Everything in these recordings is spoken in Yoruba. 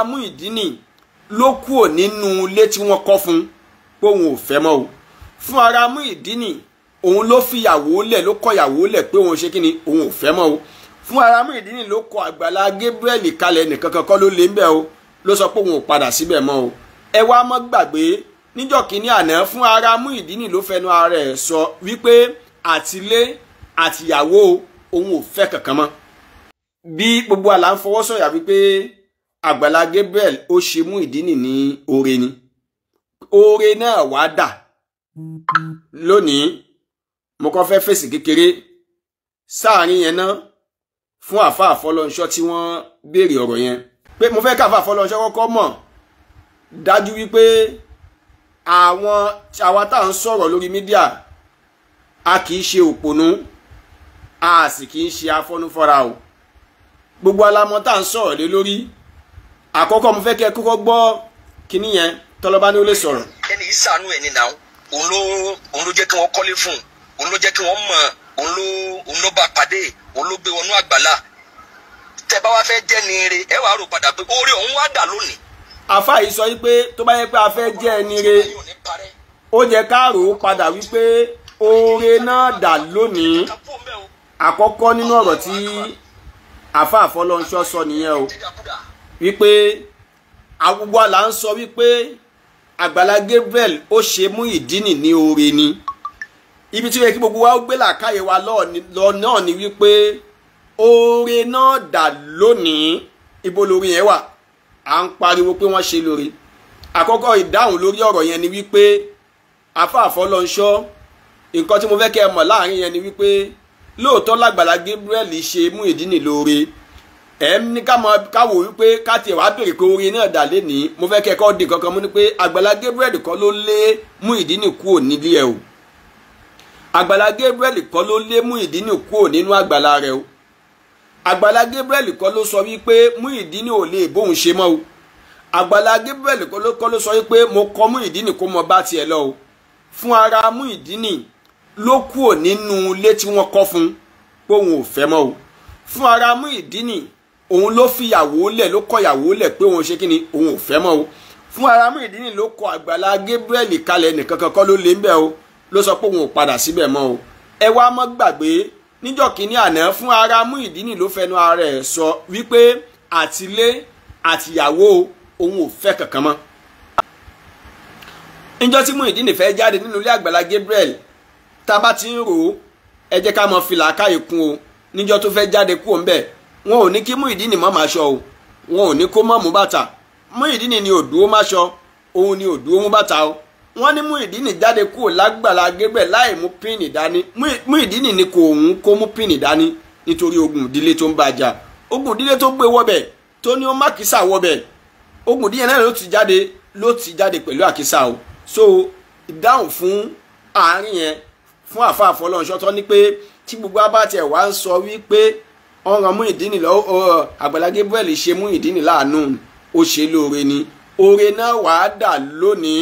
Muyideen ló kúrò nínú ilé tí wọ́n kọ́ fún pé òun ò fẹ́ mọ́ o fún ara Muyideen òun ló fi ìyàwó lẹ̀ ló kọ ìyàwó lẹ̀ pé òun ṣe kí òun ò fẹ́ mọ́ o fún ara Muyideen ló kọ àgbàlá Gabriel kalẹ̀ nìkan kankan ló lé ńbẹ̀ o ló sọ pé òun ò padà síbẹ̀ mọ́ o ẹ wá mọ́ gbàgbé níjọ́ kínní àná fún ara Muyideen ló fẹnu ara ẹ̀ sọ wípé àtilé àtìyàwó òun ò fẹ́ kankan mọ́ bí gbogbo àlà wípé àgbàlá Gabriel ó ṣe mú ìdínì ní oore ni oore náà wàá dà lónìí mo kàn fẹ́ fèsì kékeré sáàrin yẹn náà fún àfáà Fọlọ́runṣọ́ tí wọ́n béèrè ọ̀rọ̀ yẹn pé mo fẹ́ káfáà Fọlọ́runṣọ́ kọ́kọ́ mọ̀ dájú wípé àwọn àwa tá à ń sọ̀rọ̀ lórí mídíà a kì í ṣe òpònú a sì kì í ṣe afọ́núfọ́ra o gbogbo alamọ tá à ń sọ̀rọ̀ lé lórí àkọ́kọ́ mo fẹ́ kẹ́ kọ́kọ́ gbọ́ kíní yẹn tọ́lọ́bá ni ó lè sọ̀rọ̀. ẹni ìsànú ẹni náà òun ló òun ló jẹ́ kí wọ́n kọ́lé fún òun ló jẹ́ kí wọ́n mọ̀ òun ló òun ló bá pàdé òun ló gbé wọnú àgbàlá tẹ bá wá fẹ́ jẹ́ ni ire ẹ wàá rò padà pé orí òun wá dà lónìí. àfa yìí sọ wípé tó bá yẹ pé a fẹ́ jẹ́ ẹni ó yẹ ká rò ó padà wípé oore náà dà lónìí àkọ́kọ́ nínú ọ̀rọ̀ tí àfa àfọlọ́nṣọ́ sọ nìyẹn o wípé agbogbo àlà ń sọ wípé àgbàlá Gabriel ó ṣe Muyideen ní oore ni ibi tí ó yẹ kí gbogbo wa ó gbé làákàyè wa lọ náà ni wípé oore náà dà lónìí ibo lórí yẹn wà à ń pariwo pé wọ́n ṣe lóore àkọ́kọ́ ìdáhùn lórí ọ̀rọ̀ yẹn ni wípé afáàfọ́ lọ ń ṣọ́ nǹkan tí mo fẹ́ kẹ́ ẹ mọ̀ láàrin yẹn ni wípé lóòótọ́ làgbàlá Gabriel ṣe Muyideen lóore ẹ ń ní káwọ wípé káti ẹ̀ wá bèrè pé orin náà dà lénìí mo fẹ́ kẹ́kọ́ di kankan mú ni pé Àgbàlá Gabriel kọ́ ló lé Muyideen kúrò nílé ẹ o Àgbàlá Gabriel kọ́ ló lé Muyideen kúrò nínú àgbàlá rẹ o Àgbàlá Gabriel kọ́ ló sọ wípé Muyideen ò lè bóun ṣe mọ́ o Àgbàlá Gabriel kọ́ ló sọ wípé mo kọ́ Muyideen kó mọ bá tiẹ̀ lọ o fún ara Muyideen ló kúrò nínú ilé tí wọ́n kọ́ fún pé òun ò fẹ́ mọ́ o fún ara Muyideen òun ló fi ìyàwó lẹ̀ ló kọ ìyàwó lẹ̀ pé òun ṣe kíni òun ò fẹ́ mọ́ o fún ara Muyideen ló kọ àgbàlá Gabriel kalẹ̀ nìkan kan kọ́ ló lé ńbẹ̀ o ló sọ pé òun ò padà síbẹ̀ mọ́ o ẹ wá mọ́ gbàgbé níjọ́ kínní àná fún ara Muyideen ló fẹnu ara ẹ̀ sọ wípé àtilé àtìyàwó òun ò fẹ́ kankan mọ́ níjọ́ tí Muyideen fẹ́ jáde nínú ilé àgbàlá Gabriel tá a bá ti ń rò ó ẹ jẹ́ ká mọ fìlà káyè kún o níjọ́ tó fẹ́ jáde kúrò ńbẹ̀ wọn ò ní kí Muyideen má máa ṣọ o wọn ò ní kó má mú bàtà Muyideen ni òdúró má ṣọ òun ni òdúró mú bàtà o wọn ní Muyideen jáde kúrò lágbàlá gébẹ̀ láì mú pínì dání Muyideen ni kò òun kó mú pínì dání nítorí ogun ìdílé tó ń bàjá ogun ìdílé tó gbé wọbẹ̀ tó ní ó má kìsà wọbẹ̀ ogun ìdílé náà ló ti jáde ló ti jáde pẹ̀lú àkìsà o so ìdáhùn fún àárín yẹn fún àfa àfọlọ́nṣọ́ tó ní pé tí gbogbo abá tiẹ̀ wá ń sọ wípé ọ̀n ràn Muyideen lọ́wọ́ Àgbàlá Gabriel ṣe Muyideen láàánú ó ṣe lóore ni oore náà wàá dà lónìí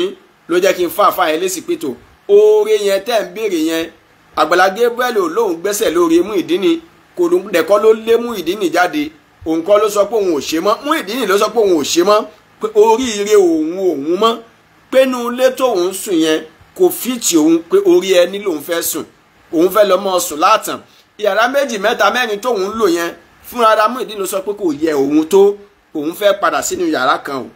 ló jẹ́ kí n fàáfàá yẹn lésì pé tó oore yẹn tẹ́ ń béèrè yẹn Àgbàlá Gabriel lòun gbẹ́sẹ̀ lóore Muyideen kò dẹ̀kọ́ ló lé Muyideen jáde òun kọ́ ló sọ pé òun ò ṣe mọ́ Muyideen ló sọ pé òun ò ṣe mọ́ oríire òun òun mọ́ pẹ́nu ilé tóun sùn yẹn kò fìtì òun pé orí ẹni lòun fẹ́ sùn òun fẹ́ lọ́mọ sùn látàn yàrá méjì mẹ́ta mẹ́rin tóun ń lò yẹn fúnra Ramuideen ló sọ pé kò yẹ òun tó òun fẹ́ padà sínú yàrá kan o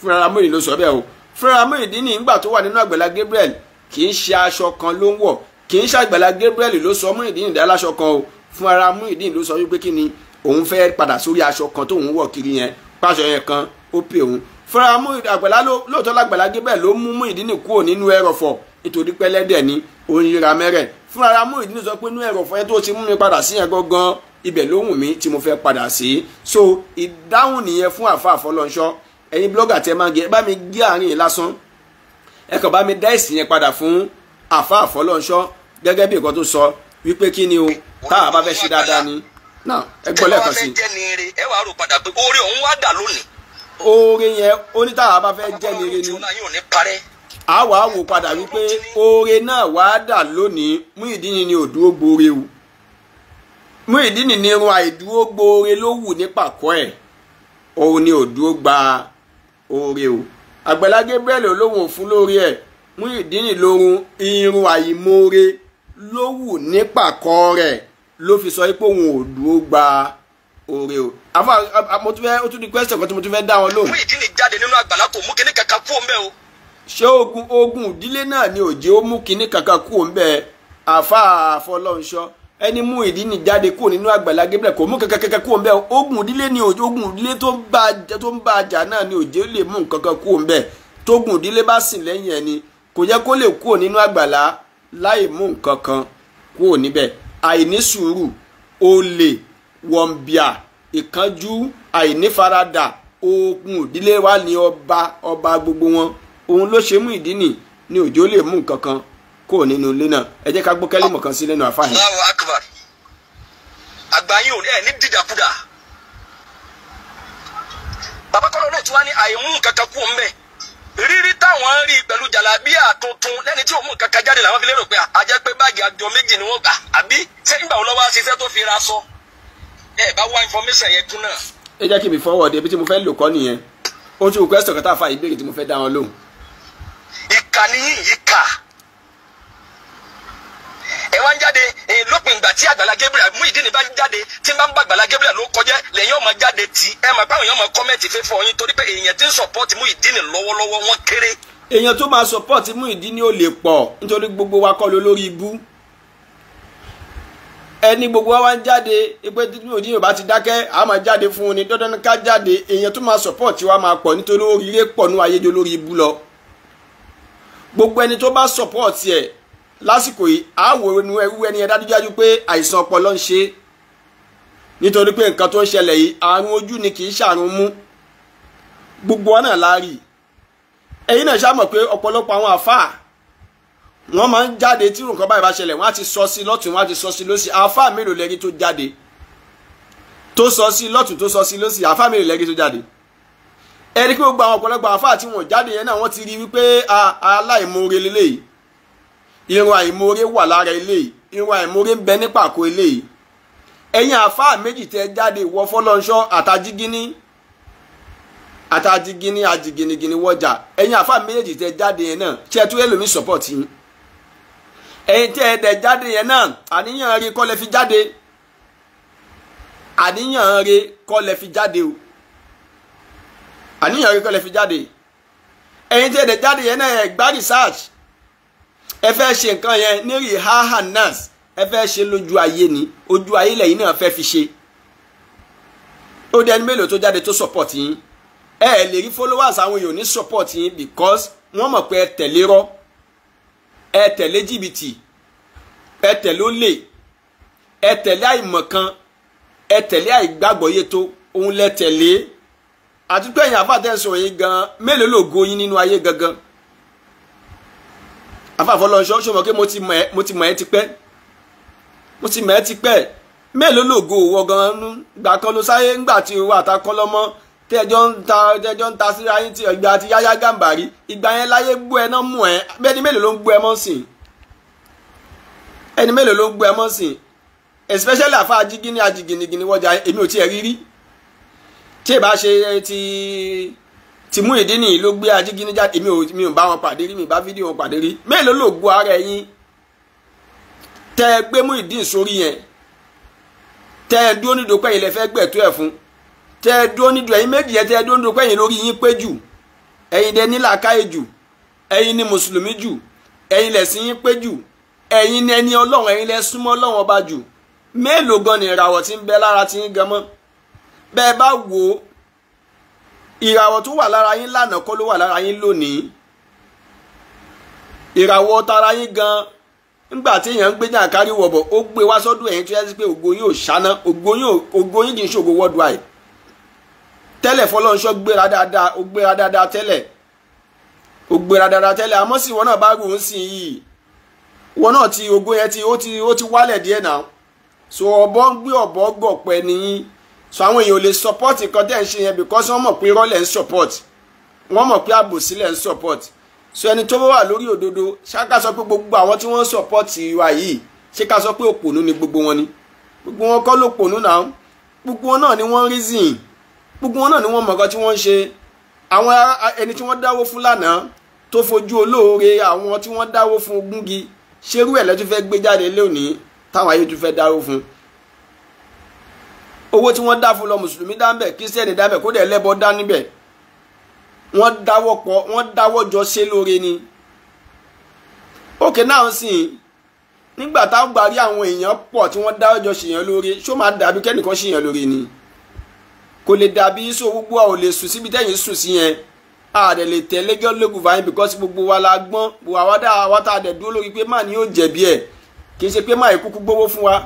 fúnra Ramuideen ló sọ bẹ́ẹ̀ o fúnra Ramuideen ní ìgbà tó wà nínú Àgbàlá Gabriel kì í ṣe aṣọ kan ló ń wọ̀ kì í ṣe Àgbàlá Gabriel ló sọ Muideen dá láṣọ kan o fúnra Ramuideen ló sọ wípé kí ni òun fẹ́ padà sórí aṣọ kan tóun wọ̀ kiri yẹn pàṣọ yẹn kan ó pè òun fúnra Àgbàlá lóòótọ́ l'Àgbàlá Gabriel ló mú Muideen kúrò nínú ẹrọ̀fọ̀ nítorí pẹ́lẹ́dẹ̀ ni òun yíra mẹ́rẹ̀ fúnra Muyideen sọ pé inú ẹ̀rọ fún ẹ tó ti mú mi padà sí yẹn gangan ibẹ̀ ló wù mí tí mo fẹ́ padà sí so ìdáhùn nìyẹn fún àfa àfọlọ́nṣọ́ ẹ̀yin blọ́gà tẹ máa ń gé ẹ bá mi gé àárín yìí lásán ẹ kàn bá mi dá èsì yẹn padà fún àfa àfọlọ́nṣọ́ gẹ́gẹ́ bí nǹkan tó sọ wípé kí ni o tá a bá fẹ́ ṣe dáadáa ni náà ẹ gbọ́ lẹ́ẹ̀kan sí i. ẹ wàá rò padà pé oore òun wá dà lónìí. oore yẹn onítàwọn bá fẹ́ jẹ́ ni ire ni a wàá wò padà wípé oore náà wàá dà lónìí mú ìdí ni ni òdúró gbore o mú ìdí ni ni irun àìdúró gbore ló wù ní pàkọ́ ẹ̀ òun ni òdúró gba oore o Àgbàlá Gabriel olóhùn òfun lórí ẹ̀ mú ìdí ni lórun irun àìmoore ló wù ní pàkọ́ rẹ̀ ló fi sọ pé òun òdúró gba oore o àfọ àmọ tó ó tún di question kan tí mo tún fẹ́ dá wọn lóhùn. mú ìdí jáde nínú àgbàlá kò mú kíní kankan kú òun bẹ́ẹ̀ o ṣé ogun ogun ìdílé náà ni òjé ó mú kinní kankan kúrò ń bẹ àfa àfọlọ́nṣọ ẹni mú ìdí ni jáde kúrò nínú Àgbàlá Gabriel kò mú kankan kankan kúrò ń bẹ ogun ìdílé ni òjé ogun ìdílé tó ń bá tó ń bá àjà náà ni òjé lè mú kankan kúrò ń bẹ tógun ìdílé bá sìn lẹ́yìn ẹni kò yẹ kó lè kúrò nínú Àgbàlá láì mú nkankan kúrò níbẹ̀ àìní sùúrù olè wọ̀nbíà ìkánjú àìnífaradà ogun ìdílé wa ni ọba ọba gbogbo wọn òun ló ṣe mú ìdí nì ní òjò lè mú nǹkan kan kó nínú ilé náà ẹ jẹ́ ká gbọ́ kẹ́límọ̀ kan sí lẹ́nu àfáàní. Allahu akbar àgbáyé òní ẹ̀ ní dídàkudà bàbá kọ́lọ́ náà tí wàá ní àìmú nǹkan kan kú ọ̀nbẹ rírí táwọn ń rí pẹ̀lú jàlábíà tuntun lẹ́ni tí òun kankan jáde làwọn fi lérò pé àjẹ́ pé báàgì àjọ méjì ni wọ́n gbà àbí sẹ́yìn gbà wọ́n lọ́wọ́ ṣiṣẹ́ tó fi ra sọ ẹ bá wá information yẹn kún náà. ẹ jẹ́ kí mi fọwọ́ de ibi tí mo fẹ́ lò kọ́ nìyẹn ohun tí mo kẹ́sìtọ̀ kẹta fa ìbéèrè tí mo fẹ́ dá wọn lóhùn ìkà ni yín yìí ẹ wá ń jáde lópin ìgbà tí àgbàlá Gabriel Muyideen bá jáde tí n bá ń bá àgbàlá Gabriel ló kọjá lẹ́yìn ọmọ jáde tí ẹ máa báwọn èèyàn máa kọ́mẹ̀tì fẹ́ fún torí pé èèyàn ti ń sọ̀pọ́ọ̀tì Muyideen lọ́wọ́lọ́wọ́ wọn kéré. èèyàn tó máa sọ̀pọ́ọ̀tì Muyideen ni ó lè pọ̀ nítorí gbogbo wa kọ́ ló lórí ibú ẹni gbogbo wa wá ń jáde pé Muyideen bá ti dákẹ́ a máa jáde fún un ni dandan ká jáde èèyàn tó máa sọ̀pọ́ọ̀tì wa máa pọ̀ nítorí oríire pọ̀ nú ayédolórí ibú lọ gbogbo ẹni tó bá support ẹ̀ lásìkò yìí àwò irú ẹni ẹ dájúdájú pé àìsàn ọpọlọ ń ṣe nítorí pé nǹkan tó ń ṣẹlẹ̀ yìí àrùn ojú ni kì í ṣàrùn mú gbogbo ọ̀nà láàrí ẹ̀yin náà ṣàmọ̀ pé ọ̀pọ̀lọpọ̀ àwọn àfáà wọ́n máa ń jáde tí nǹkan báyìí bá ṣẹlẹ̀ wọ́n á ti sọ sí lọ́tún wọ́n á ti sọ sí lọ́sì àfáà mélòó lẹ́ni tó jáde tó sọ sí lọ́tún tó sọ sí lọ́sì àfáà mélòó lẹ́ni tó jáde. ẹni pé gbogbo àwọn ọ̀pọ̀lọpọ̀ àfáà tí wọ́n jáde yẹn náà wọ́n ti rí wípé aláìmoore irun àìmoore wà lára eléyìí irun àìmoore ń bẹ ní pàkó eléyìí ẹ̀yin àfáà méjì tẹ jáde wọ fọlọ́nṣọ́ wọ́jà ẹ̀yin àfáà méjì jáde yẹn náà tí ẹ tún ẹlòmíì support yín ẹ̀yin jáde yẹn náà àníyàn rí fi jáde àníyàn o. àníyàn kíkọ́ lè fi jáde ẹ̀yin tí ẹ dẹ̀ jáde yẹn náà ẹ gbá research ẹ fẹ́ ṣe nǹkan yẹn ní rihaha nas ẹ fẹ́ ṣe lójú ayé ni ojú ayé lẹ́yìn náà fẹ́ fi ṣe ó dẹni mélòó tó jáde tó support yín ẹ ẹ lè rí followers àwọn èèyàn ní support yín because wọ́n mọ̀ pé ẹ tẹ̀lé rọ́ ẹ tẹ̀lé jìbìtì ẹ tẹ̀lé olè ẹ tẹ̀lé àìmọ̀kan ẹ tẹ̀lé àìgbàgbọ́yé tó òun lẹ tẹ̀lé àti pé ẹ̀yin àfáà tẹ́ sọ̀rọ̀ yìí gan mélòó lògo yín nínú ayé gangan àfáà Fọlọ́runṣọ́ ṣọmọ pé mo ti mọ̀ ẹ́ tipẹ́ mo ti mọ̀ ẹ́ tipẹ́ mélòó lògo wọ gan gbà kan ló sáyé ńgbà tí owó àtakọ́ lọ́mọ tẹjọ́ ń ta tẹjọ́ ń ta síra yín ti ọgbà àti yáyá gàǹbàrí ìgbà yẹn láyé gbó ẹ náà mú ẹ bẹ́ẹ̀ni mélòó ló ń gbó ẹ mọ́ sìn ẹni mélòó ló ń gbó ẹ mọ́ sìn especially àfáà jígínní ajígínní gíní wọ́jà èmi ò tiẹ̀ rírí tí ì bá ṣe ti ti mú ìdí nìyí ló gbé ajínigbé jáde mi ò mi ò bá wọn pàdé rí mi bá fídíò wọn pàdé rí mélòó ló gbọ́ ara ẹ̀yin tẹ́ ẹ gbé mú ìdí sórí yẹn tẹ́ ẹ dúró nídòó pẹ́yìn lẹ fẹ́ gbẹ̀tọ́ ẹ̀ fún tẹ́ ẹ dúró nídòó ẹ̀yin méjì yẹn tẹ́ ẹ dúró nídòó pẹ́yìn lórí yín pé jù ẹ̀yin dẹ ní làákàyè jù ẹ̀yin ní mùsùlùmí jù ẹ̀yin lẹ̀sìn yín pé jù ẹ̀yin ní ẹni ọlọ́run ẹ̀yin lẹ súnmọ́ ọlọ́run ọba jù mélòó gan ni ìràwọ̀ ti ń bẹ lára ti ń gan mọ́ bẹ́ bá wo ìràwọ̀ tó wà lára yín lánàá kọ́ ló wà lára yín lónìí ìràwọ̀ tara yín gan nígbà tí èèyàn ń gbé ní àkárí wọ̀bọ̀ gbé wá sọ́dọ̀ ẹ̀yìn tó yẹ pé ògo o ò ṣáná ògo yín kì í ṣògo gbéra dáadáa gbéra dáadáa dáadáa náà bá gùn ti yẹn ti o ti so àwọn èèyàn ò lè support nǹkan tẹ́ ń ṣe yẹn because wọ́n mọ̀ pé rọ́lẹ̀ ń support wọ́n mọ̀ pé àbòsílẹ̀ ń support so ẹni tó wà lórí òdodo ṣáká sọ pé gbogbo àwọn tí wọ́n ń support wa yìí ṣé ká sọ pé òpònú ni gbogbo wọn ni gbogbo wọn kọ́ ló pònú náà gbogbo wọn náà ni wọ́n reason gbogbo wọn náà ni wọ́n mọ̀ nǹkan tí wọ́n ń ṣe àwọn ẹni tí wọ́n dáwó fún lánàá tó fojú olóore àwọn tí wọ́n dáwó fún gúngi ṣerú ẹ̀ lẹ́tún fẹ́ gbé jáde lónìí táwọn ayé tún fẹ́ dáwó fún un owó tí wọ́n dá fún lọ mùsùlùmí dá ń bẹ̀ kírísítẹ́nì dá ń bẹ̀ kódà ẹlẹ́bọ dá níbẹ̀ wọ́n dáwọ́ pọ̀ wọ́n dáwọ́ jọ ṣe lóore ni òkè náà sìn nígbà táwọn gbàrí àwọn èèyàn pọ̀ tí wọ́n dáwọ́ jọ ṣèyàn lóore ṣó máa dàbí kẹ́nìkan ṣèyàn lóore ni kò lè dàbí so gbogbo àwọn ò lè sùn síbi tẹ́yìn sùn sí yẹn àdè lè tẹ lẹjọ lẹkùn fàáyín because gbogbo wa la gbọ́n àwa dá àwa tá a dẹ dúró lórí pé má ni yóò jẹ̀bi ẹ kì í ṣe pé má yẹ kúkú gbowó fún wa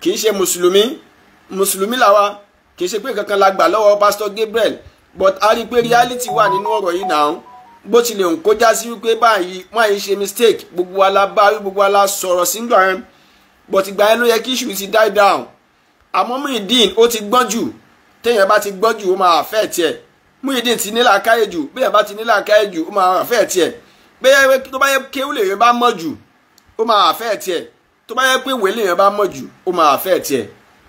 kì í ṣe mùsùlùmí mùsùlùmí làwa kì í ṣe pé kankan la gbà lọ́wọ́ pásítọ̀ Gabriel but a rí i pé reality wà nínú ọ̀rọ̀ yìí náà bó tilẹ̀ ń kọjá sí wípé báyìí wọ́n àyè ṣe mistake gbogbo wa la bá wí gbogbo wa la sọ̀rọ̀ sígbà yẹn but ìgbà yẹn ló yẹ kí issue ti die down àmọ́ Muyideen ó ti gbọ́n jù téèyàn bá ti gbọ́n jù ó máa affect ẹ̀ Muyideen ti nílà káyè jù béèyàn bá ti nílà káyè jù ó máa affect ẹ̀ bẹ́ẹ̀ tó bá yẹ kéwù lèèyàn bá mọ̀ jù ó máa affect ẹ̀ tó bá yẹ pé wèlé èèyàn bá mọ̀ jù ó máa affect ẹ̀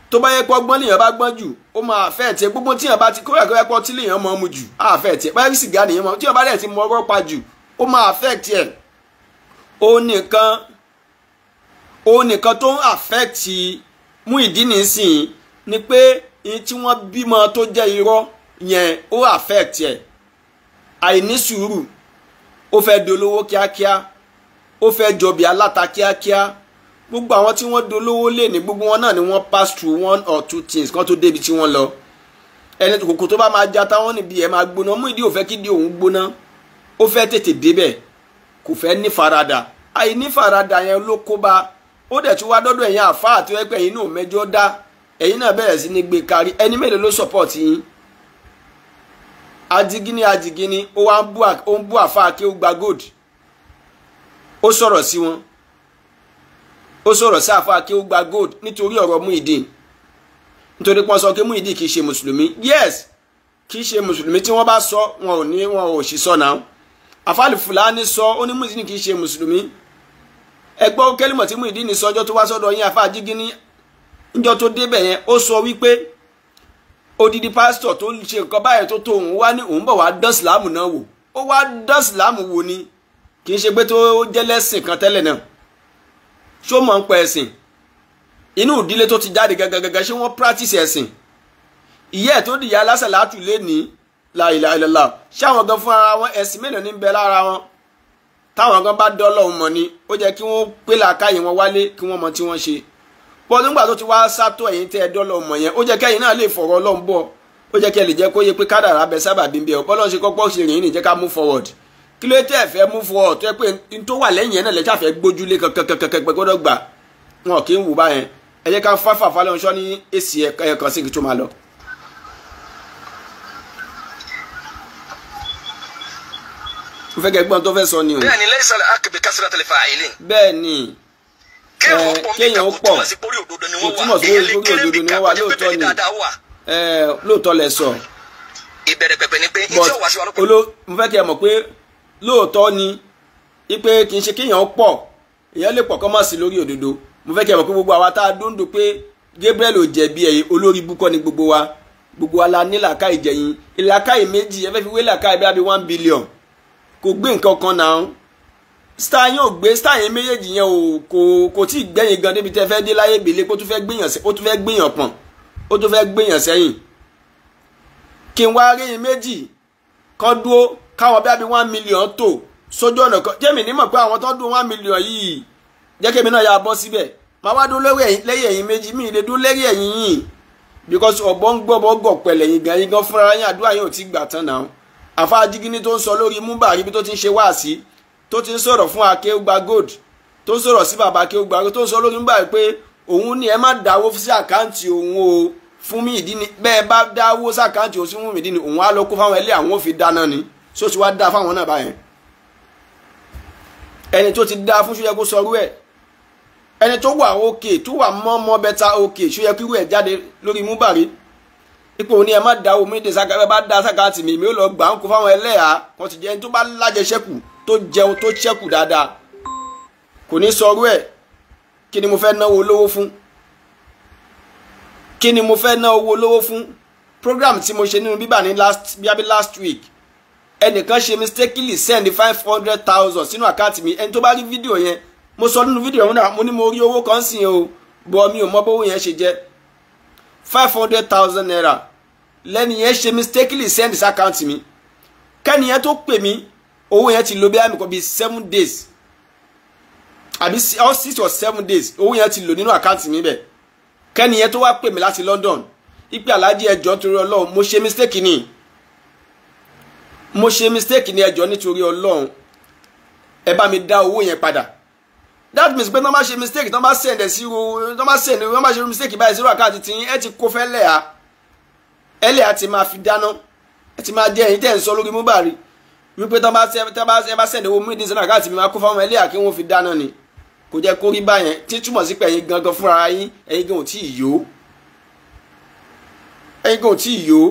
tó bá yẹ pé ọgbọ́n lèèyàn bá gbọ́n jù ó máa àfẹ́ tiẹ̀ gbogbo tíyàn bá ti kórè àkọ́yẹ́ pọ́ tí lèèyàn mọ́ mu jù àfẹ́ tiẹ̀ báyìí sìgá nìyẹn mọ́ tíyàn bá dẹ̀ ti mọ ọwọ́ pa jù ó máa àfẹ́ tiẹ̀ ó nìkan ó nìkan tó ń àfẹ́ ti mú ìdí nìsín ni pé ní tí wọ́n bímọ tó jẹ́ irọ́ yẹn ó àfẹ́ tiẹ̀ àìní sùúrù ó fẹ́ dolówó kíákíá ó fẹ́ jọbi aláta kíákíá gbogbo àwọn tí wọ́n dolówó lè ní gbogbo wọn náà ni wọ́n pass through one or two things kan tó débi tí wọ́n lọ ẹni kòkò tó bá máa já táwọn níbi ẹ̀ máa gbóná mú ìdí òfẹ́ kí ìdí òun gbóná ó fẹ́ tètè débẹ̀ kò fẹ́ ní farada àìní farada yẹn ló kó bá ó dẹ̀ tún wá dọ́dọ̀ ẹ̀yin àfa àti ẹgbẹ́ ẹ̀yin náà mẹ́jọ dá ẹ̀yin náà bẹ̀rẹ̀ sí ní gbé kárí ẹni mélòó ló support yín adigini adigini ó wá ń bú àfa kí ó gba gold ó sọ̀rọ̀ sí wọn ó sọ̀rọ̀ sí kí ó gba gold nítorí ọ̀rọ̀ Muyideen nítorí pọ́n sọ pé Muyideen ṣe mùsùlùmí yes kìí ṣe mùsùlùmí tí wọ́n bá sọ wọn ò ní wọn ò sì sọ náà àfáàlì fúlàní sọ ó ní Muyideen kì ṣe mùsùlùmí kẹ́lìmọ̀ tí sọ ọjọ́ tó wá sọ́dọ̀ yín odidi pásítọ̀ tó ṣe nǹkan tó tó òun wá ní òun bọ̀ wá dán ni kì í ṣe pé tó ṣó mọ̀ ń pa ẹ̀sìn inú ìdílé tó ti jáde gẹ́gẹ́gẹ́gẹ́ ṣé wọ́n practice ẹ̀sìn ìyá ẹ̀ tó dìyà aláṣẹ̀ látù lé ní láìláìlọ́lá ṣé àwọn gan fún ara wọn ẹ̀sìn mélòó ní bẹ lára wọn táwọn gan bá dọ́lọ̀ mọ̀ ni ó jẹ́ kí wọ́n pé làákàyè wọn wálé kí wọ́n mọ tí wọ́n ṣe bọ́ọ̀ nígbà tó ti wá sátó ẹ̀yìn tẹ́ ẹ dọ́lọ̀ mọ̀ yẹn ó jẹ́ kẹ́yìn náà lè fọ̀rọ̀ ọlọ́run bọ̀ ó jẹ́ kẹ́ lè jẹ́ kó yẹ pé kádàrá bẹ sábà bíbí ẹ̀ bọ́lọ́run ṣe kọ́kọ́ ṣe rìn ní jẹ́ ká move forward kí ló tẹ́ ẹ fẹ́ mú fún ọ tó yẹ pé n tó wà lẹ́yìn ẹ̀ náà lẹ́jà fẹ́ gbójúlé kankankankan gbọ́dọ̀ gbà wọn kì í wù báyẹn ẹ jẹ́ ká fáfà falẹ̀ ọ̀ṣọ́ ní èsì ẹ̀ kan sí kí tó máa lọ. mo fẹ́ kẹ́ gbọ́n tó fẹ́ sọ ni o. bẹ́ẹ̀ni lẹ́sàlẹ̀ akẹ́bẹ̀ kásìlẹ̀ tẹlifà àìlè. bẹ́ẹ̀ni kéèyàn ó pọ̀ kò túmọ̀ sí orí òdodo ni wọ́n wà lóòótọ́ ni lóòótọ́ lẹ sọ. ìbẹ̀rẹ̀ pẹ̀pẹ̀ ni pé ìjọ wàásù wa ló pẹ̀lú. mo fẹ́ kí ẹ mọ̀ pé lóòótọ́ ni ipe kì í ṣe kéèyàn pọ̀ èèyàn lè pọ̀ kọ́ mọ̀ sí lórí òdodo mo fẹ́ kí ẹ mọ̀ pé gbogbo àwa tá a dúndùn pé Gabriel ò jẹ̀bi ẹ̀yìn olórí búkọ́ ni gbogbo wa gbogbo wa la ní làákàyè jẹ̀yìn ìlàkàyè méjì ẹ fẹ́ fi wé làákàyè bí abẹ́ one billion kò gbé nǹkan kan náà star yẹn ò gbé star yẹn méjèèjì yẹn ò kò kò tí ì gbẹ̀yìn gan débi tẹ́ fẹ́ dé láyé bèlè pé tún fẹ́ gbìyàn pọ̀n ó tún fẹ́ gbìyàn sẹ́yìn kí n wá rí yín méjì kan dúró káwọn bí i one million tó sójú ọ̀nà kan jẹ́mi nímọ̀ pé àwọn tó dún one million yìí jẹ́ kémi náà yà bọ́ síbẹ̀ máa wá dún lẹ́yìn ẹ̀yìn méjì mí lè dún lẹ́yìn ẹ̀yìn yìí because ọ̀bọ̀ ń gbọ́bọ̀ gọ̀ pẹ̀lẹ̀ yìí gan yìí gan fúnra yín àdúrà yín ò ti gbà tán náà àfa ajígíní tó ń sọ lórí múbà ríbi tó ti ń ṣe wáàsí tó ti ń sọ̀rọ̀ fún akéwùgbà gold tó ń sọ̀rọ̀ sí bàbá akéwùgbà tó ń sọ lórí múbà pé òun ni ẹ má dáwó sí àkáǹtì òun o fún mi ìdí ni bẹ́ẹ̀ bá dáwó sí àkáǹtì òun sí fún mi ìdí ni òun á lọ kó fáwọn ẹlẹ́ àwọn ò dáná ni ṣó ti wá dá fáwọn náà báyẹn ẹni tó ti dá fún ṣó yẹ kó sọrú ẹ̀ ẹni tó wà òkè tó wà mọ́mọ́ bẹ́ta òkè ṣó yẹ kírú ẹ̀ jáde lórí múbàrí ipò òní ẹ má da omi dé sakara bá da sakara tì mí mi ò lọ gbà ń kó fáwọn ẹlẹ́yà wọn ti jẹ ẹni tó bá lájẹṣẹ́kù tó jẹun tó ṣẹ́kù dáadáa kò ní sọrú ẹ̀ kí ni mo fẹ́ náwó olówó fún kí ni mo fẹ́ ná owó fún program tí mo ṣe nínú bíbà ní last bíabí last week ẹnìkan ṣe mistakenly send five hundred thousand sínú àkáǹtì mi ẹni tó bá rí fídíò yẹn mo sọ nínú fídíò yẹn mo ní mo rí owó kan sìn o bọ mi ò mọ bówó yẹn ṣe jẹ five hundred thousand naira lẹ́ni yẹn ṣe mistakenly send sí àkáǹtì mi kẹ́ni yẹn tó pè mí owó yẹn ti lò bí àmì kan bíi seven days àbí six or seven days owó yẹn ti lò nínú àkáǹtì mi bẹ̀ kẹ́ni yẹn tó wá pè mí láti London ìpè aláàjì ẹjọ́ torí Ọlọ́run mo ṣe mistake ni mo ṣe mistake ní ẹjọ́ nítorí ọlọ́run ẹ bá mi dá owó yẹn padà that means pé tí ṣe mistake tí wọ́n bá send ẹ̀ sí ro tí send wọ́n ṣe mistake báyìí sí ro àkáǹtì tí ẹ ti kó fẹ́ lẹ́yà ẹ lẹ́yà ti máa fi dáná ẹ ti máa jẹ́ ẹ̀yin tẹ̀ ń sọ lórí Mohbad wípé tí wọ́n bá send tí wọ́n bá send owó mídìí sínú àkáǹtì mi máa kó fáwọn ẹlẹ́yà kí wọ́n fi dáná ni kò jẹ́ kó rí báyẹn tí túmọ̀ sí pé ẹ̀yin gangan fúnra yín ẹ̀yin gan ò tí ì yó ẹ̀yin gan ò tí ì yó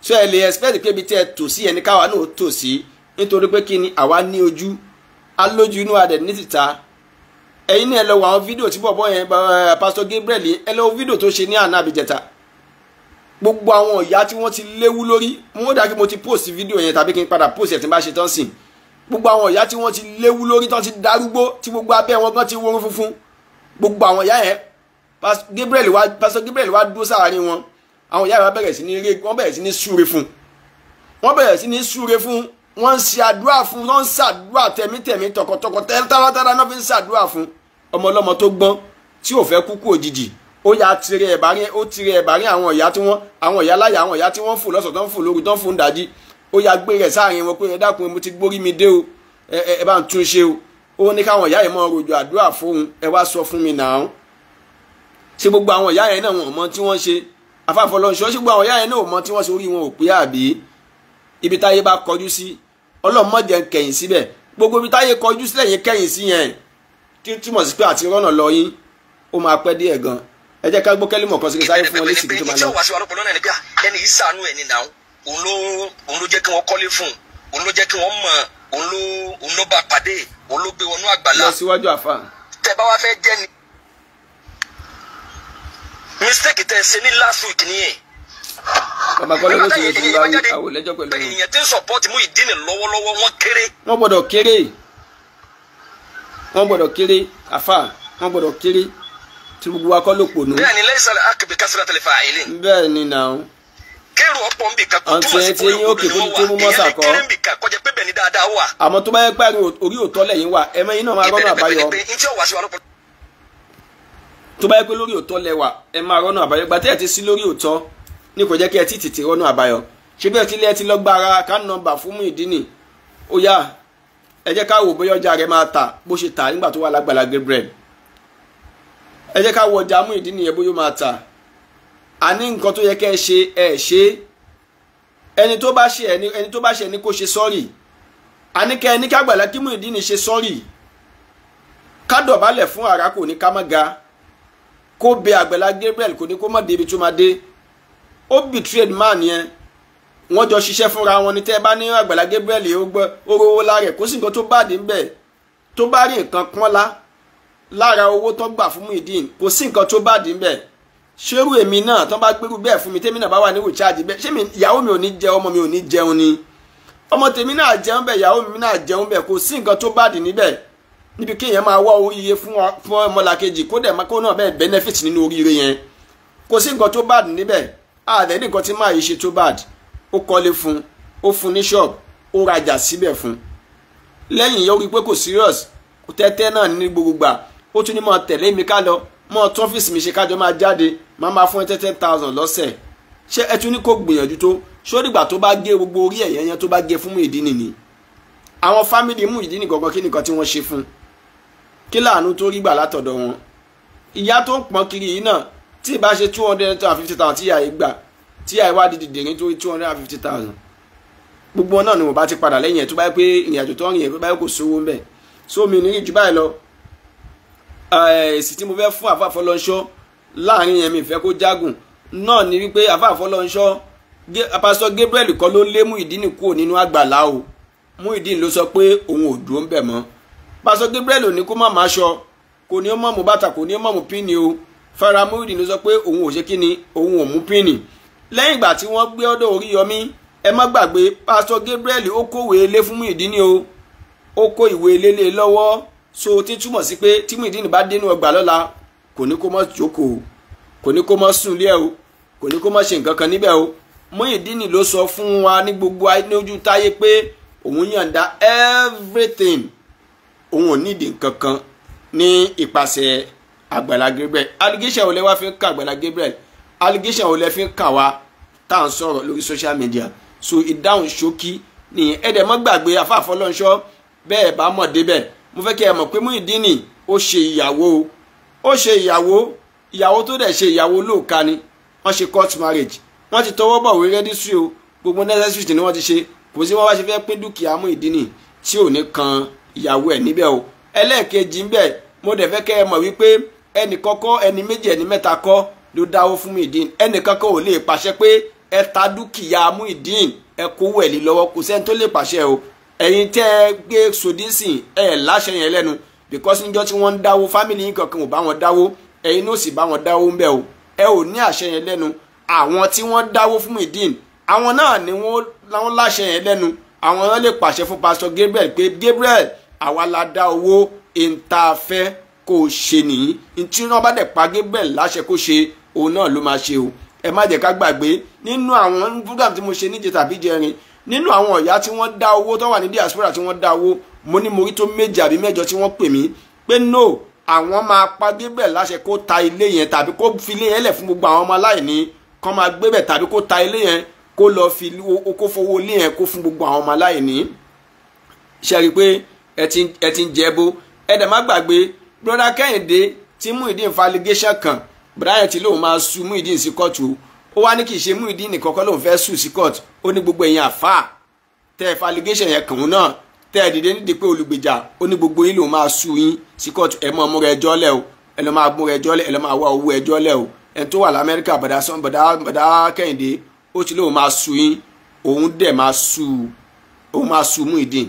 so ẹ lè expect pé ibi tí ẹ tò sí ẹni káwa náà tò sí nítorí pé kí ni àwa ní ojú alójú inú adẹ ní tìta ẹ̀yin náà ẹ lọ wo àwọn fídíò tí bọ̀bọ̀ yẹn eh, Pastor Gabriel ẹ lọ wo fídíò tó ṣe ní àná àbíjẹta gbogbo àwọn ìyá tí wọ́n ti léwu lórí wọ́n dà kí mo ti post fídíò yẹn tàbí kí n padà post ẹ̀ tí n bá ṣe tán sìn gbogbo àwọn ìyá tí wọ́n ti léwu lórí tán ti darúgbó tí gbogbo abẹ́ wọn gan ti wọ́n funfun gbogbo àwọn ìyá yẹn Pastor Gabriel wá Pastor Gabriel wá dúró sáàárín wọn àwọn ìyá wa bẹ̀rẹ̀ sí ní ré wọ́n bẹ̀rẹ̀ sí ní súre fún wọ́n bẹ̀rẹ̀ sí ní súre fún wọ́n ń ṣe àdúrà fún wọ́n ń ṣàdúrà tẹ̀mítẹ̀mí tọkọtọkọ tẹ́látàlátàlá náà fi ń ṣàdúrà fún ọmọ ọlọ́mọ tó gbọ́n tí ò fẹ́ kúkú òjijì ó ya tiri ẹ̀bá rí ó tiri ẹ̀bá rí àwọn ìyá tí wọ́n àwọn ìyá láyà àwọn ìyá tí wọ́n fò lọ́sọ̀ tó ń fò lóru tó ń fò ń dájí ó ya gbé rẹ̀ sáàrin wọn pé ẹ dákun mo ti gbórí mi dé o ẹ ẹ bá ń tún ṣe o ó ní káwọn ìyá yẹn mọ rojọ́ àdúrà fóun ẹ wá sọ fún mi nàá ṣe gbogbo àwọn ìyá yẹn náà wọn mọ tí wọ́n ṣe afáfọlọ́nṣọ́ ṣùgbọ́n àwọn yáyẹn náà mọ tí wọ́n ṣe orí wọn ò pé àbí ibi táyé bá kọjú sí ọlọ́mọdé ń kẹ̀yìn síbẹ̀ gbogbo ibi táyé kọjú sílẹ̀ yẹn kẹ̀yìn sí yẹn tí túmọ̀ sí pé àti rọ́nà lọ yín ó máa pẹ́ díẹ̀ gan ẹ jẹ́ ká gbọ́ kẹ́límọ̀ kan sí sáré fún wọn lẹ́sì tó máa lọ. ẹni yìí sànú ẹni náà òun ló jẹ́ kí wọ́n kọ́lé fún òun ló jẹ́ kí wọ́n mọ̀ òun ló bá pàdé òun ló gbé wọnú àgbàlá. lọ síwájú àfa. tẹ bá wá fẹ́ jẹ́ ni mistake tẹ ṣe ní last week nìyẹn. bàbá kọ́lé ló ti yẹ ti bá àwọn ìlẹ́jọ́ pẹ̀lú wọn. èèyàn ti ń support Muyideen lọ́wọ́lọ́wọ́ wọ́n kéré. wọ́n gbọ́dọ̀ kéré wọ́n gbọ́dọ̀ kéré àfà wọ́n gbọ́dọ̀ kéré tí gbogbo wa kọ́ ló pò nù. bẹ́ẹ̀ ni lẹ́yìn sáré akébé kásìrà tẹlẹ fà áyílẹ̀. bẹ́ẹ̀ ni nà ó. kérò ọ̀pọ̀ ń bì ká kó túmọ̀ sí pé òkè tó tó mú mọ́sà kọ́. èyàn ni kéré ń bì ká kọjá pé bẹ́ẹ̀ ni dáadáa wà. àmọ́ tó bá yẹ pé orí tó bá yẹ pé lórí òótọ́ lẹ́wà ẹ máa rọ́nà àbáyọ gba tẹ́ ẹ ti sí lórí òótọ́ ní kò jẹ́ kí ẹ ti tètè rọ́nà àbáyọ ṣé bí ẹ ti lé ẹ ti lọ gba ara account number fún Muyideen ó yá ẹ jẹ́ ká wò bóyá ọjà rẹ máa tà bó ṣe tà nígbà tó wà lágbàlá Gabriel ẹ jẹ́ ká wo ọjà Muyideen yẹn bóyá ó máa tà a ní nǹkan tó yẹ kẹ́ ẹ ṣe ẹ ṣe ẹni tó bá ṣe ẹni tó bá ṣe ẹni kó ṣe sọ́ọ̀rì a ní kẹ́ ẹni kágbàlá kí Muyideen ṣe sọ́ọ̀rì ká dọ̀bálẹ̀ fún àrà ní ká má ga kó be àgbàlá Gabriel kò ní kó má débi tó máa dé ó betrayed man yẹn wọ́n jọ ṣiṣẹ́ fúnra wọn ni tẹ́ ẹ bá ní àgbàlá Gabriel ó gbọ́ orówó lára ẹ̀ kó sì nǹkan tó bàdé ń bẹ̀ tó bá rí nǹkan pọ́nlá lára owó tó gbà fún Muyideen kò sí nǹkan tó bàdé ń bẹ̀ ṣerú èmi náà tó bá gbérú bẹ́ẹ̀ fún mi tèmi náà bá wà ní rìcháàjì bẹ́ẹ̀ ṣé mi ò ní jẹ mi ò ní jẹun ni ọmọ tèmi náà jẹun bẹ́ẹ̀ mi náà jẹun bẹ́ẹ̀ kò sí nǹkan tó bàdé níbẹ̀ níbi kéèyàn máa wá oríire fún ọmọlàkejì kó dẹ̀ kó náà bẹ́ẹ̀ benefit nínú oríire yẹn kò sí nǹkan tó bad níbẹ̀ ààrẹ ní nǹkan tí máa yìí ṣe tó bad ó kọ́lé fún ó fún ní shop ó rajà síbẹ̀ fún lẹ́yìn yọ wípé kò serious tẹ́tẹ́ náà ní gbogbogbà ó tún ní mọ̀ tẹ̀lé mi ká lọ mọ̀ tún ọ́fíìsì mi ṣe kájọ máa jáde máa máa fún ẹ tẹ́tẹ́ thousand lọ́sẹ̀ ṣé ẹ tún ní kó gbìyànjú tó sódìgbà tó bá gé gbogbo orí ẹ̀yẹ́ yẹn tó bá gé fún Muyideen ni àwọn fámìlì Muyideen gangan kí nìkan tí wọ́n ṣe fún un kí láàánú tó rí gbà látọ̀dọ̀ wọn ìyá tó ń pọn kiri yìí náà tí ì bá ṣe two hundred and fifty thousand tí ìyá yìí gbà tí ìyá yìí wá di dìde ní torí two hundred and fifty thousand gbogbo náà ni mo bá ti padà lẹ́yìn ẹ̀ tó báyìí pé ìrìn àjò tó ń rìn ẹ̀ tó báyìí kò sówó ń bẹ̀ so mi ní jù báyìí lọ eh, èsì tí mo fẹ́ fún àfàfọ́ lọ́nṣọ́ láàrin yẹn mi fẹ́ kó jágùn náà ni wípé àfàfọ́ lọ́nṣọ́ pásítọ̀ Gabriel kọ́ ló lé Muyideen kúrò nínú àgbàlá o Muyideen ló sọ pé òun ò dúró ń bẹ̀ mọ́ pásọ Gabriel ò ní kó má má aṣọ kò ní ó má mú bàtà kò ní ó má mú pínì o Fara Muhideen ló sọ pé òun ò ṣe kí ni òun ò mú pínì lẹ́yìn ìgbà tí wọ́n gbé ọ̀dọ̀ Oríyọmí ẹ má gbàgbé pásọ Gabriel ó kówé ilé fún Muhideen o ó kó ìwé ilé lé e lọ́wọ́ so ti túmọ̀ sí pé tí Muhideen bá dénú ọgbà lọ́la kò ní kó má jókòó kò ní kó má sùn lé ẹ e o kò ní kó má ṣe nǹkan kan níbẹ̀ o Muhideen ló sọ fún wa ní gbogbo ayé lójú táyé pé òun yàǹda everything òun ò nídìí nǹkan kan ní ìpasẹ̀ àgbàlá Gabriel allegation ò lè wá fi ń kàn àgbàlá Gabriel allegation ò lè fi ń kàn wá tá à ń sọ̀rọ̀ lórí social media so ìdáhùn ṣókí ni ẹ̀dẹ̀ mọ́ gbàgbé afáfọlọ́nṣọ́ bẹ́ẹ̀ bá mọ̀ débẹ̀ mo fẹ́ kí ẹ mọ̀ pé Muyideen ó ṣe ìyàwó ó ṣe ìyàwó ìyàwó tó dẹ̀ ṣe ìyàwó lóòka ni wọ́n ṣe court marriage wọ́n ti tọwọ́ bọ̀ wí rẹ́díṣì o gbogbo necessary ni wọ́n ti ṣe kò sí wọ́n bá ṣe fẹ́ pín dúkìá Muyideen tí ò ní kan ìyàwó ẹ̀ níbẹ̀ o ẹlẹ́ẹ̀kejì ńbẹ̀ mo dẹ̀ fẹ́ kẹ́ ẹ mọ̀ wípé ẹnì kọ́kọ́ ẹni méjì ẹni mẹ́ta kọ́ ló dáwó fún Muyideen ẹnì kankan ò lè pàṣẹ pé ẹ ta dúkìá Muyideen ẹ kówó ẹ̀ lé lọ́wọ́ kò sẹ́ni tó lè pàṣẹ o ẹ̀yin tẹ́ ẹ gbé sòdínsìn ẹ láṣẹ yẹn lẹ́nu because níjọ́ tí wọ́n ń dáwó fámìlì yín kankan ò bá wọn dáwó ẹ̀yin náà sì bá wọn dáwó ń bẹ̀ o ẹ ò ní àṣẹ yẹn lẹ́nu àwọn tí wọ́n dáwó fún Muyideen àwọn náà ni wọ́n láṣẹ yẹn lẹ́nu àwọn náà lè pàṣẹ fún Pastor Gabriel pé Gabriel àwa la dá owó n tá a fẹ́ kó o ṣe nìyí n tí wọ́n bá dẹ̀ pa Gabriel láṣẹ kó ṣe òun náà ló máa ṣe o ẹ má jẹ́ ká gbàgbé nínú àwọn program tí mo ṣe níje tàbí jẹrin nínú àwọn ọ̀yá tí wọ́n dá owó tó wà ní diaspora tí wọ́n dá owó mo ní mo rí tó méje àbí mẹ́jọ tí wọ́n pè mí pé no àwọn máa pa Gabriel láṣẹ kó ta ilé yẹn tàbí kó fi ilé yẹn lẹ̀ fún gbogbo àwọn ọmọ aláìní kó máa gbé bẹ̀ tàbí kó ta ilé yẹn kó lọ fi kó fowó ilé yẹn kó fún gbogbo àwọn ọmọ aláìní ṣe rí i pé ẹ ti ń jẹ́bó ẹ dẹ̀ má gbàgbé broda kẹ́hìndé ti Muyideen fa allegation kan brian ti lóun máa su Muyideen sí kóòtù ó wá ní kì í ṣe Muyideen nìkan kọ́ lóun fẹ́ sùn sí kóòtù ó ní gbogbo èèyàn àfà tẹ́ ẹ fa allegation yẹn kàn náà tẹ́ ẹ dìde nídìí pé olùgbèjà ó ní gbogbo yín lòun máa su yín sí kóòtù ẹ mọ múra ẹjọ́ lẹ̀ o ẹ lọ́ máa múra ẹjọ́ lẹ̀ ẹ lọ́ máa wá owó ẹjọ́ lẹ̀ o ẹ tó wà lamẹ́ríkà bàdá kẹ́hìndé ó ti lóun máa su yín òun dẹ̀ máa su òun máa su Muyideen